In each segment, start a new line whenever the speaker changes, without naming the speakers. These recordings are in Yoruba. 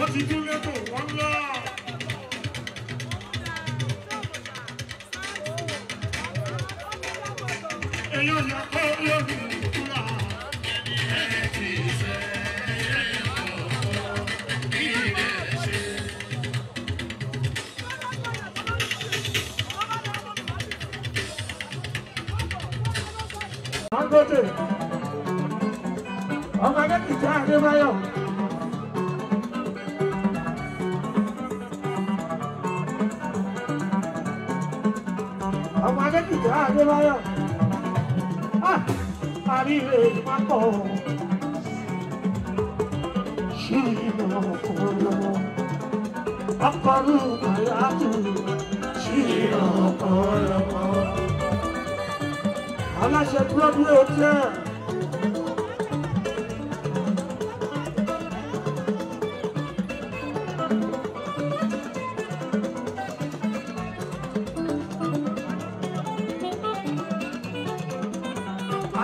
wọ́n ti tún lẹ́tọ̀ wọ́n ńlá. èèyàn yà ìjà adébáyọ̀ ah, àríwé ìmákọ̀ ṣì ń ọkọ̀ lọ́wọ́ ọkọ̀ lùmọ̀ yàtọ̀ ṣì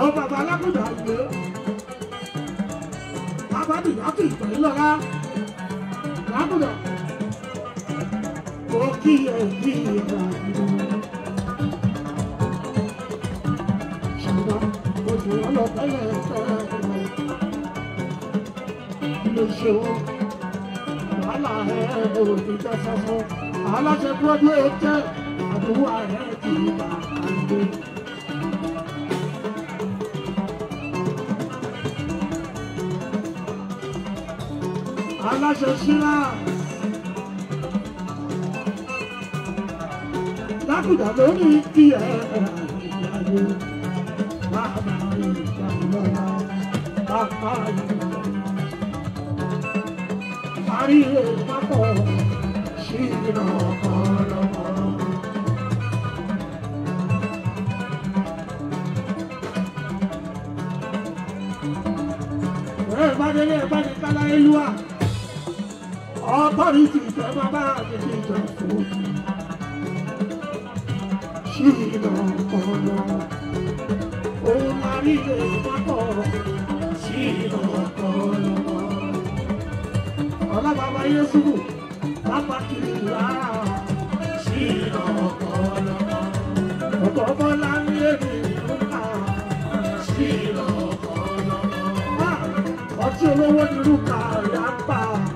àwọn bàbá alákùnjà gbé bàbá dìgbàtì pẹ̀lú lọ́la lákùnjà kò kí ẹ kí ẹ ṣùgbọ́n mo sì wọ́n lọ wàhálà ẹ̀ òbí sọ́sọ́ aláṣẹ gbọ́dọ̀ ẹ̀ àdúgbò ààrẹ kì í aláṣẹ sílá lákùdà lónìí kí ẹ ìyàwó bàbá ìjàmbá bàbá ìjàmbá parí ìpapọ̀ sí ìrànkan lọ́wọ́. ẹ bá délé ẹ bá dé kálá ẹlú authority is never bad in the jungle. She don't follow. Oh, Marie, Papa, she don't follow. Ọlá bàbá Yésù, bàbá kìlá, ṣì lọ́kọ̀ lọ́kọ̀. Ọ̀pọ̀ bọ́lá ń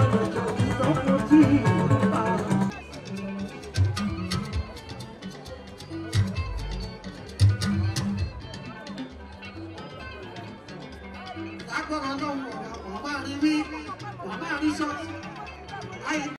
agbára lọ́wọ́ ọ̀rọ̀ àwọn máa rí wí wọ́n máa rí sọ.